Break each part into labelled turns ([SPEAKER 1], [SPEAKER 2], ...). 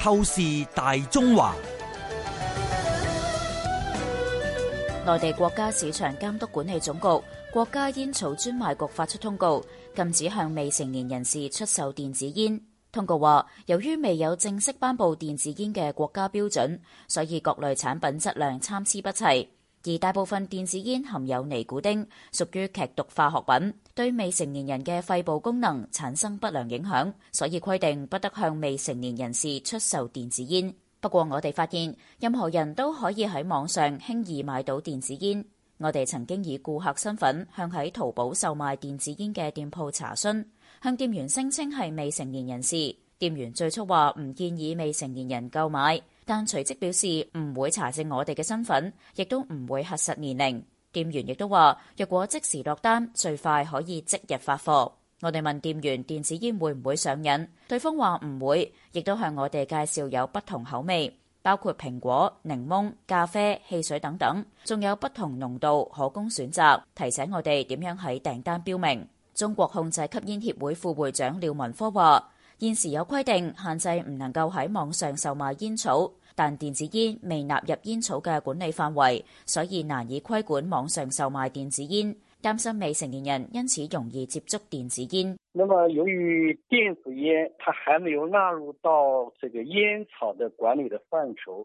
[SPEAKER 1] 透視大中華，
[SPEAKER 2] 內地國家市場監督管理總局、國家煙草專賣局發出通告，禁止向未成年人士出售電子煙。通告話，由於未有正式頒布電子煙嘅國家標準，所以各類產品質量參差不齊。而大部分電子煙含有尼古丁，屬於劇毒化學品，對未成年人嘅肺部功能產生不良影響，所以規定不得向未成年人士出售電子煙。不過我哋發現，任何人都可以喺網上輕易買到電子煙。我哋曾經以顧客身份向喺淘寶售賣電子煙嘅店鋪查詢，向店員聲稱係未成年人士。店員最初話唔建議未成年人購買，但隨即表示唔會查證我哋嘅身份，亦都唔會核實年齡。店員亦都話，若果即時落單，最快可以即日發貨。我哋問店員電子煙會唔會上癮，對方話唔會，亦都向我哋介紹有不同口味，包括蘋果、檸檬、咖啡、汽水等等，仲有不同濃度可供選擇，提醒我哋點樣喺訂單標明。中國控制吸煙協會副會長廖文科話。現時有規定限制唔能夠喺網上售賣煙草，但電子煙未納入煙草嘅管理範圍，所以難以規管網上售賣電子煙，擔心未成年人因此容易接觸電子煙。
[SPEAKER 1] 那麼由於電子煙，它還沒有納入到這個煙草的管理的範疇。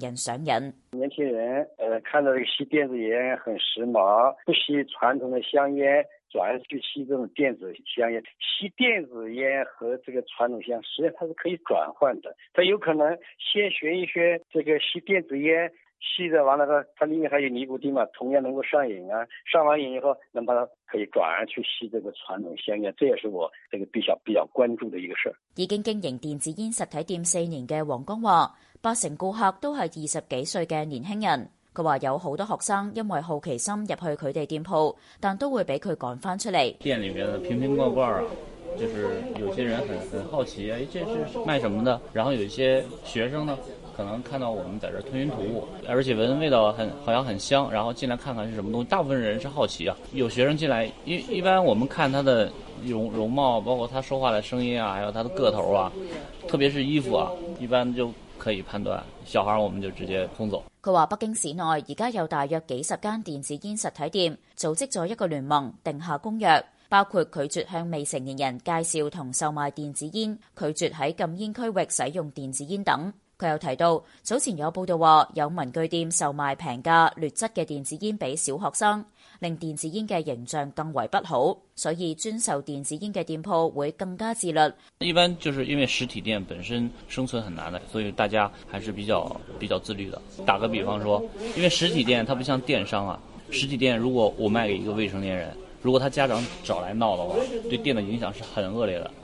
[SPEAKER 2] 人上癮，
[SPEAKER 1] 年輕人，呃，看到這個吸電子煙很時髦，不吸傳統的香煙，轉而去吸這種電子香煙。吸電子煙和這個傳統香，實際上它是可以轉換的。他有可能先學一學這個吸電子煙，吸的完了，佢它裏面還有尼古丁嘛，同樣能夠上癮啊。上完癮以後，能把它可以轉而去吸這個傳統香煙，這也是我這個比較比較關注的一個事
[SPEAKER 2] 兒。已經經營電子煙實體店四年嘅黃光話。八成顧客都係二十幾歲嘅年輕人，佢話有好多學生因為好奇心入去佢哋店鋪，但都會俾佢趕翻出嚟。
[SPEAKER 3] 店裏面的瓶瓶罐罐啊，就是有些人很很好奇，哎，這是賣什麼的？然後有一些學生呢，可能看到我們在這吞雲吐霧，而且聞味道很好，好像很香，然後進來看看是什麼東西。大部分人是好奇啊，有學生進來，一一般我們看他的容容貌，包括他說話的聲音啊，還有他的個頭啊，特別是衣服啊，一般就。可以判斷小孩，我們就直接轟走。
[SPEAKER 2] 佢話，北京市內而家有大約幾十間電子煙實體店，組織咗一個聯盟，定下公約，包括拒絕向未成年人介紹同售賣電子煙，拒絕喺禁煙區域使用電子煙等。佢又提到，早前有報道話，有文具店售賣平價劣質嘅電子煙俾小學生，令電子煙嘅形象更為不好。所以專售電子煙嘅店鋪會更加自律。
[SPEAKER 3] 一般就是因為實體店本身生存很難的，所以大家還是比較比較自律的。打個比方說，因為實體店，它不像電商啊，實體店如果我賣給一個未成年人，如果他家長找來鬧的話，對店嘅影響是很惡劣的。